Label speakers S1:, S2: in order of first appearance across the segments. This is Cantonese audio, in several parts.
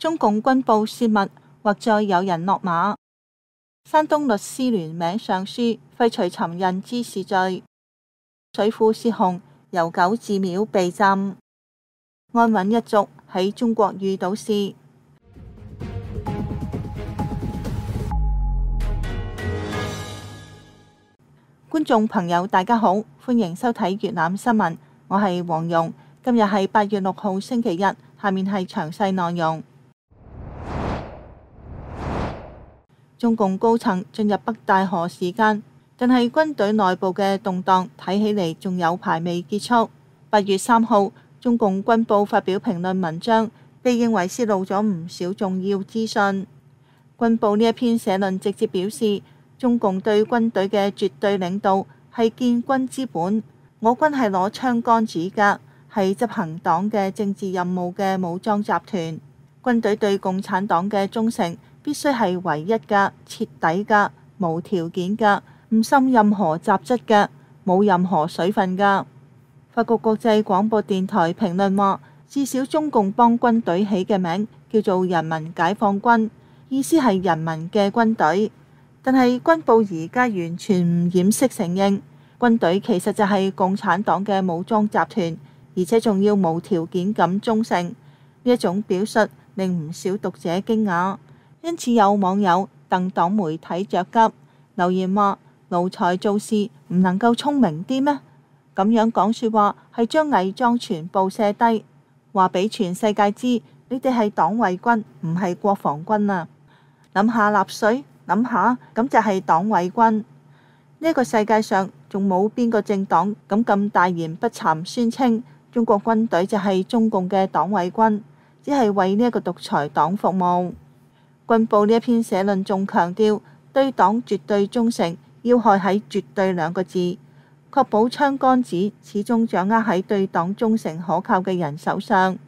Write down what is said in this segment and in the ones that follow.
S1: 中共軍報泄密，或再有人落馬。山東律師聯名上書，廢除尋釁滋事罪。水庫洩洪，悠久寺廟被浸。安穩一族喺中國遇到事。 觀眾朋友，大家好，歡迎收睇粵覽新聞，我係黃容。今日係八月六號，星期日。下面係詳細內容。中共高層進入北戴河時間，但係軍隊內部嘅動盪睇起嚟仲有排未結束。八月三號，中共軍報發表評論文章，被認為洩露咗唔少重要資訊，軍報呢一篇社論直接表示，中共對軍隊嘅絕對領導係建軍之本，我軍係攞槍桿子嘅，係執行黨嘅政治任務嘅武裝集團。軍隊對共產黨嘅忠誠。必須係唯一㗎、徹底㗎、無條件㗎、唔滲任何雜質㗎、冇任何水分㗎。法國國際廣播電台評論話：至少中共幫軍隊起嘅名叫做人民解放軍，意思係人民嘅軍隊。但係軍報而家完全唔掩飾承認軍隊其實就係共產黨嘅武裝集團，而且仲要無條件咁忠誠。呢一種表述令唔少讀者驚訝。因此有網友替黨媒體着急留言話：奴才做事唔能夠聰明啲咩？咁樣講説話係將偽裝全部卸低，話俾全世界知你哋係黨衛軍，唔係國防軍啊！諗下納粹，諗下咁就係黨衛軍。呢個世界上仲冇邊個政黨敢咁大言不慚，宣稱中國軍隊就係中共嘅黨衛軍，只係為呢一個獨裁黨服務。軍報呢一篇社論仲強調對黨絕對忠誠，要害喺“絕對”兩個字，確保槍桿子始終掌握喺對黨忠誠可靠嘅人手上。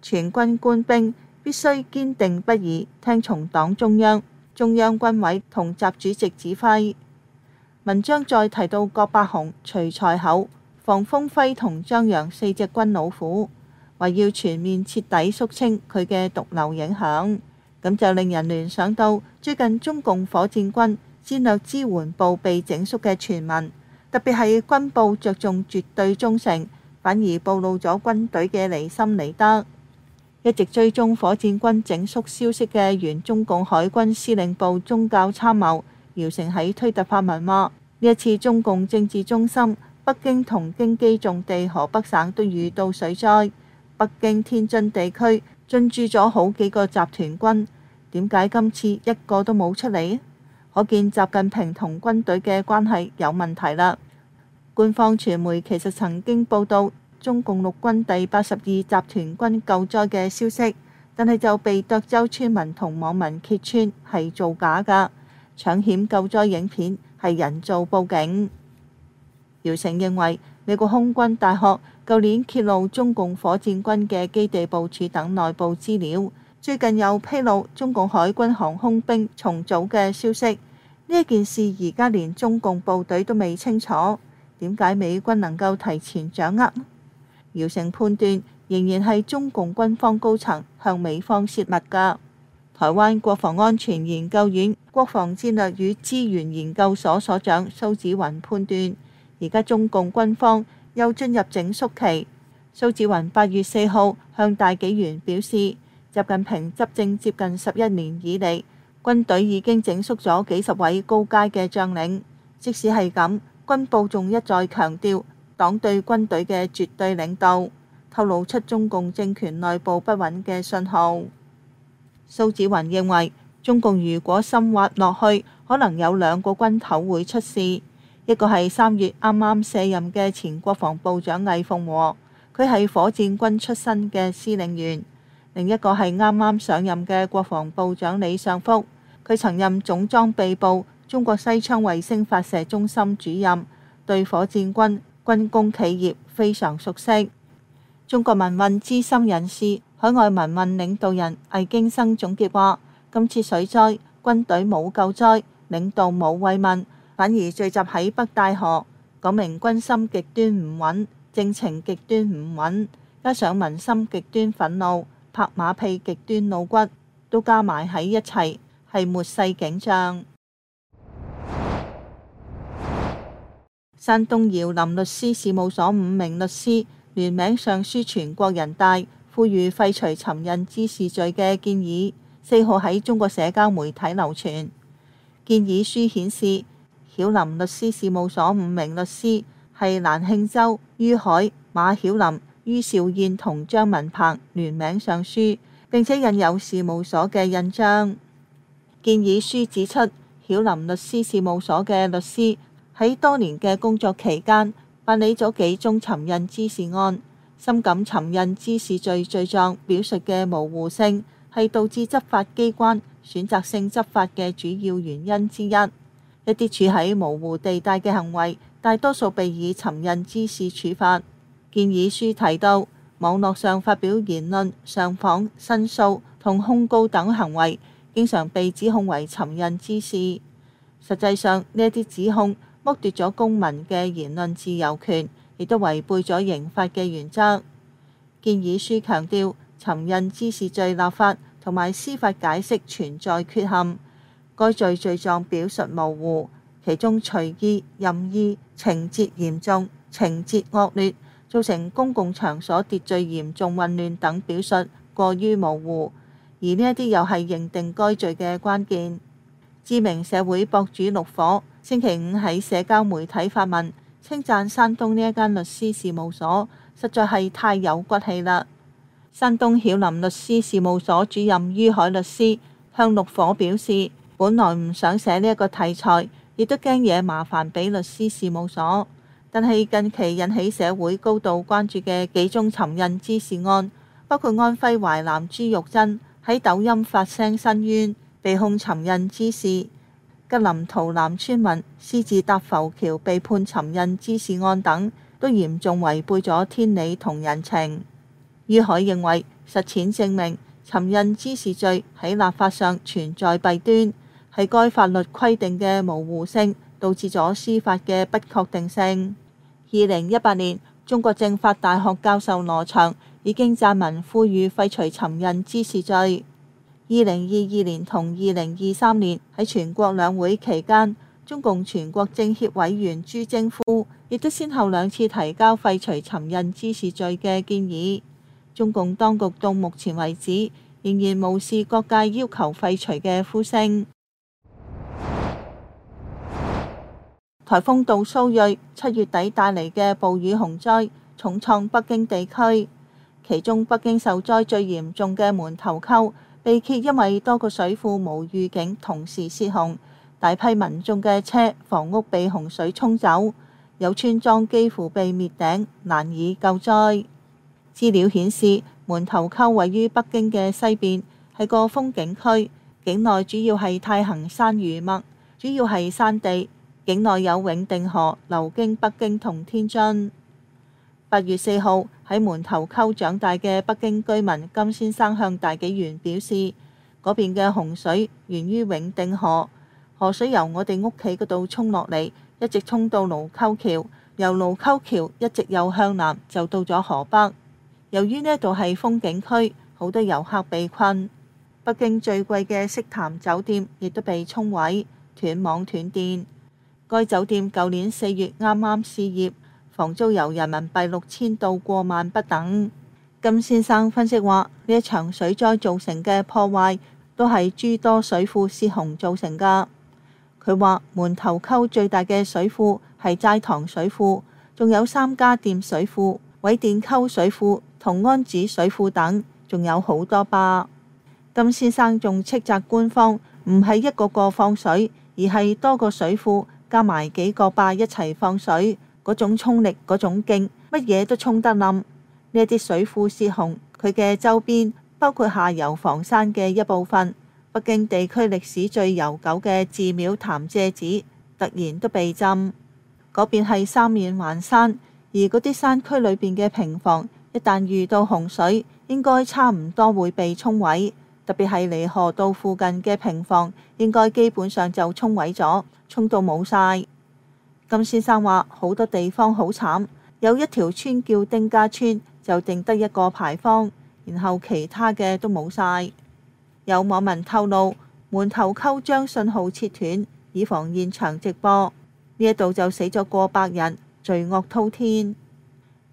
S1: 全軍官兵必須堅定不移聽從黨中央、中央軍委同習主席指揮。文章再提到郭伯雄、徐才厚、房峰輝同張陽四隻軍老虎，話要全面徹底肅清佢嘅毒瘤影響。咁就令人聯想到最近中共火箭軍戰略支援部被整肅嘅傳聞，特別係軍部着重絕對忠誠，反而暴露咗軍隊嘅離心離德。一直追蹤火箭軍整肅消息嘅原中共海軍司令部宗教參謀姚成喺推特發文話：呢一次中共政治中心北京同京畿重地河北省都遇到水災，北京天津地區。進駐咗好幾個集團軍，點解今次一個都冇出嚟？可見習近平同軍隊嘅關係有問題啦。官方傳媒其實曾經報道中共陸軍第八十二集團軍救災嘅消息，但係就被涿州村民同網民揭穿係造假噶，搶險救災影片係人造布景。姚成認為美國空軍大學。舊年揭露中共火箭軍嘅基地部署等內部資料，最近又披露中共海軍航空兵重組嘅消息。呢件事而家連中共部隊都未清楚，點解美軍能夠提前掌握？姚誠判斷，仍然係中共軍方高層向美方洩密㗎。台灣國防安全研究院國防戰略與資源研究所所所長蘇紫雲判斷，而家中共軍方又進入整肅期。蘇子雲八月四號向大紀元表示，習近平執政接近十一年以嚟，軍隊已經整肅咗幾十位高階嘅將領。即使係咁，軍部仲一再強調黨對軍隊嘅絕對領導，透露出中共政權內部不穩嘅信號。蘇子雲認為，中共如果深挖落去，可能有兩個軍頭會出事。一個係三月啱啱卸任嘅前國防部長魏鳳和，佢係火箭軍出身嘅司令員；另一個係啱啱上任嘅國防部長李尚福，佢曾任總裝備部中國西昌衛星發射中心主任，對火箭軍軍工企業非常熟悉。中國民運資深人士、海外民運領導人魏京生總結話：今次水災，軍隊冇救災，領導冇慰問。反而聚集喺北戴河，講明軍心極端唔穩，政情極端唔穩，加上民心極端憤怒，拍馬屁極端露骨，都加埋喺一齊係末世景象。山東瑤林律師事務所五名律師聯名上書全國人大，呼籲廢除尋釁滋事罪嘅建議，四號喺中國社交媒體流傳。建議書顯示，曉林律師事務所五名律師係蘭慶洲、于海、馬曉林、于兆燕同張文鵬聯名上書，並且印有事務所嘅印章。建議書指出，曉林律師事務所嘅律師喺多年嘅工作期間辦理咗幾宗尋釁滋事案，深感尋釁滋事罪罪狀表述嘅模糊性係導致執法機關選擇性執法嘅主要原因之一。一啲處喺模糊地帶嘅行為，大多數被以尋釁滋事處罰。建議書提到，網絡上發表言論、上訪、申訴同控告等行為，經常被指控為尋釁滋事。實際上，呢一啲指控剝奪咗公民嘅言論自由權，亦都違背咗刑法嘅原則。建議書強調，尋釁滋事罪立法同埋司法解釋存在缺陷。該罪罪狀表述模糊，其中隨意、任意、情節嚴重、情節惡劣，造成公共場所秩序嚴重混亂等表述過於模糊，而呢一啲又係認定該罪嘅關鍵。知名社會博主陸火星期五喺社交媒體發文，稱讚山東呢一間律師事務所實在係太有骨氣啦。山東曉林律師事務所主任于海律師向陸火表示。本來唔想寫呢一個題材，亦都驚嘢麻煩俾律師事務所。但係近期引起社會高度關注嘅幾宗尋釁滋事案，包括安徽淮南朱玉珍喺抖音發聲申冤，被控尋釁滋事；吉林洮南村民私自搭浮橋被判尋釁滋事案等，都嚴重違背咗天理同人情。于海認為，實踐證明尋釁滋事罪喺立法上存在弊端。係該法律規定嘅模糊性，導致咗司法嘅不確定性。二零一八年，中國政法大學教授羅翔已經撰文呼籲廢除尋釁滋事罪。二零二二年同二零二三年喺全國兩會期間，中共全國政協委員朱征夫亦都先後兩次提交廢除尋釁滋事罪嘅建議。中共當局到目前為止仍然無視各界要求廢除嘅呼聲。颱風杜蘇芮，七月底帶嚟嘅暴雨洪災，重創北京地區。其中北京受災最嚴重嘅門頭溝，被揭因為多個水庫無預警同時洩洪，大批民眾嘅車、房屋被洪水沖走，有村莊幾乎被滅頂，難以救災。資料顯示，門頭溝位於北京嘅西邊，係個風景區，境內主要係太行山餘脈，主要係山地。境內有永定河流經北京同天津。八月四號喺門頭溝長大嘅北京居民金先生向大紀元表示：嗰邊嘅洪水源於永定河，河水由我哋屋企嗰度沖落嚟，一直沖到盧溝橋，由盧溝橋一直又向南就到咗河北。由於呢度係風景區，好多遊客被困。北京最貴嘅色潭酒店亦都被沖毀，斷網斷電。該酒店舊年四月啱啱試業，房租由人民幣六千到過萬不等。金先生分析話：呢一場水災造成嘅破壞都係諸多水庫泄洪造成噶。佢話門頭溝最大嘅水庫係齋堂水庫，仲有三家店水庫、葦甸溝水庫同安子水庫等，仲有好多壩。金先生仲斥責官方唔係一個個放水，而係多個水庫。加埋幾個壩一齊放水，嗰種沖力，嗰種勁，乜嘢都沖得冧。呢啲水庫泄洪，佢嘅周邊包括下游房山嘅一部分，北京地區歷史最悠久嘅寺廟潭柘寺，突然都被浸。嗰邊係三面環山，而嗰啲山區裏邊嘅平房，一旦遇到洪水，應該差唔多會被沖毀。特別係離河道附近嘅平房，應該基本上就沖毀咗，沖到冇晒。金先生話：好多地方好慘，有一條村叫丁家村，就剩得一個牌坊，然後其他嘅都冇晒。有網民透露，門頭溝將信號切斷，以防現場直播。呢一度就死咗過百人，罪惡滔天。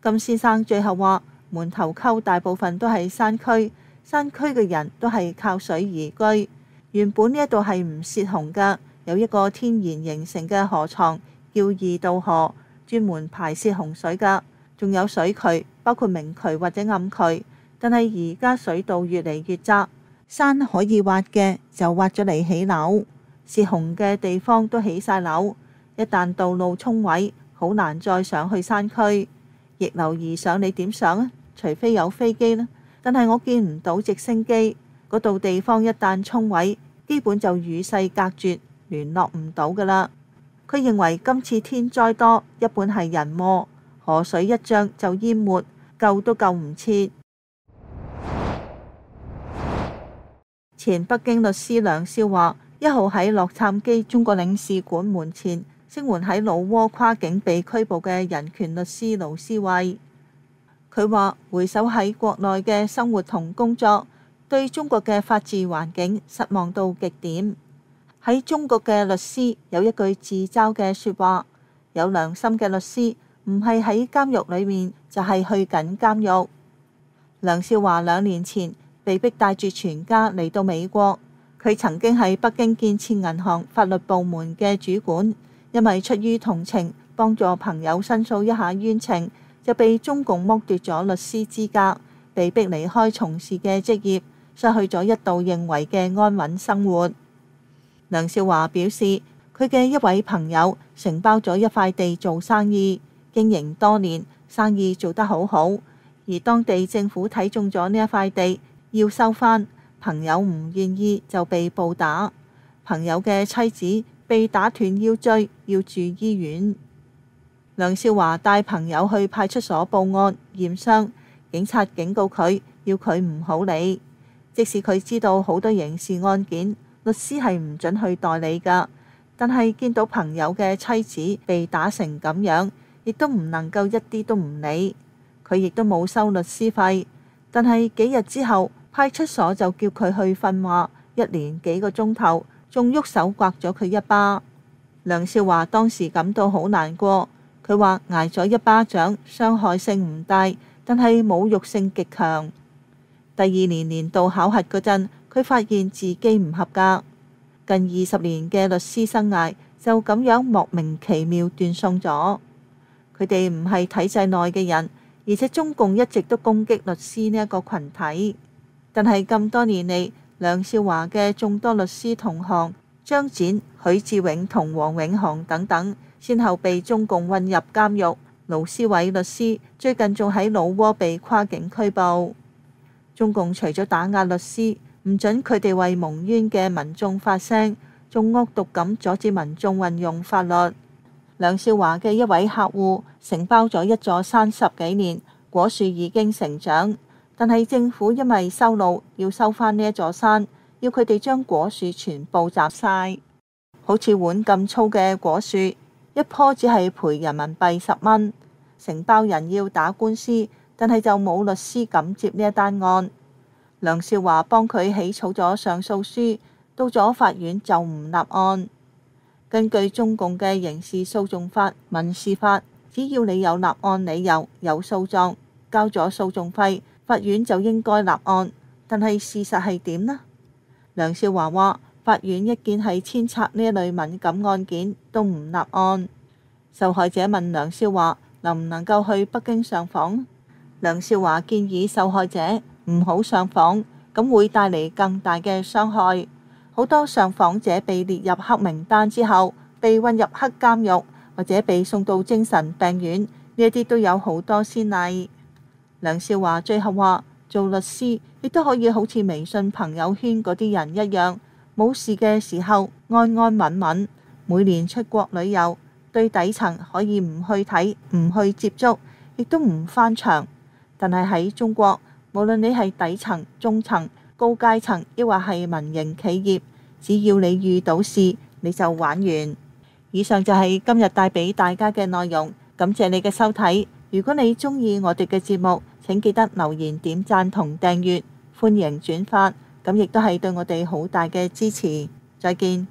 S1: 金先生最後話：門頭溝大部分都係山區。山區嘅人都係靠水而居。原本呢一度係唔泄洪㗎，有一個天然形成嘅河床叫二道河，專門排泄洪水㗎。仲有水渠，包括明渠或者暗渠。但係而家水道越嚟越窄，山可以挖嘅就挖咗嚟起樓，泄洪嘅地方都起晒樓。一旦道路沖毀，好難再上去山區。逆流而上你點上啊？除非有飛機啦。但係我見唔到直升機，嗰度地方一旦沖毀，基本就與世隔絕，聯絡唔到噶啦。佢認為今次天災多，一半係人禍，河水一漲就淹沒，救都救唔切。 前北京律師梁少華，一號喺洛杉磯中國領事館門前聲援，喺老窩跨境被拘捕嘅人權律師盧思慧。佢話：回首喺國內嘅生活同工作，對中國嘅法治環境失望到極點。喺中國嘅律師有一句自嘲嘅説話：有良心嘅律師唔係喺監獄裡面，就係去緊監獄。梁少華兩年前被逼帶住全家嚟到美國。佢曾經喺北京建設銀行法律部門嘅主管，因為出於同情，幫助朋友申訴一下冤情。就被中共剝奪咗律師資格，被迫離開從事嘅職業，失去咗一度認為嘅安穩生活。梁少華表示，佢嘅一位朋友承包咗一塊地做生意，經營多年，生意做得好好，而當地政府睇中咗呢一塊地要收返，朋友唔願意就被暴打，朋友嘅妻子被打斷腰椎，要住醫院。梁少華帶朋友去派出所報案驗傷，警察警告佢要佢唔好理，即使佢知道好多刑事案件律師係唔准去代理噶，但係見到朋友嘅妻子被打成咁樣，亦都唔能夠一啲都唔理。佢亦都冇收律師費，但係幾日之後派出所就叫佢去訓話，一連幾個鐘頭，仲喐手刮咗佢一巴。梁少華當時感到好難過。佢話挨咗一巴掌，傷害性唔大，但係侮辱性極強。第二年年度考核嗰陣，佢發現自己唔合格，近二十年嘅律師生涯就咁樣莫名其妙斷送咗。佢哋唔係體制內嘅人，而且中共一直都攻擊律師呢一個群體。但係咁多年嚟，梁少華嘅眾多律師同行張展、許志永同黃永航等等。先後被中共混入監獄，盧思偉律師最近仲喺老撾被跨境拘捕。中共除咗打壓律師，唔准佢哋為蒙冤嘅民眾發聲，仲惡毒咁阻止民眾運用法律。梁少華嘅一位客戶承包咗一座山十幾年，果樹已經成長，但係政府因為修路要收翻呢一座山，要佢哋將果樹全部摘晒，好似碗咁粗嘅果樹。一樖只係賠人民幣十蚊，承包人要打官司，但係就冇律師敢接呢一單案。梁少華幫佢起草咗上訴書，到咗法院就唔立案。根據中共嘅刑事訴訟法、民事法，只要你有立案理由、有訴訟、交咗訴訟費，法院就應該立案。但係事實係點呢？梁少華話。法院一見係牽涉呢類敏感案件都唔立案。受害者問梁少華：能唔能夠去北京上訪？梁少華建議受害者唔好上訪，咁會帶嚟更大嘅傷害。好多上訪者被列入黑名單之後，被運入黑監獄或者被送到精神病院，呢一啲都有好多先例。梁少華最後話：做律師亦都可以好似微信朋友圈嗰啲人一樣。冇事嘅時候，安安穩穩。每年出國旅遊，對底層可以唔去睇，唔去接觸，亦都唔翻牆。但係喺中國，無論你係底層、中層、高階層，抑或係民營企業，只要你遇到事，你就玩完。以上就係今日帶俾大家嘅內容，感謝你嘅收睇。如果你鍾意我哋嘅節目，請記得留言、點讚同訂閱，歡迎轉發。咁亦都係對我哋好大嘅支持。再見。